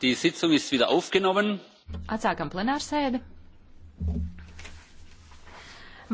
Die Sitzung ist wieder aufgenommen. Atsākam plenārsēdi.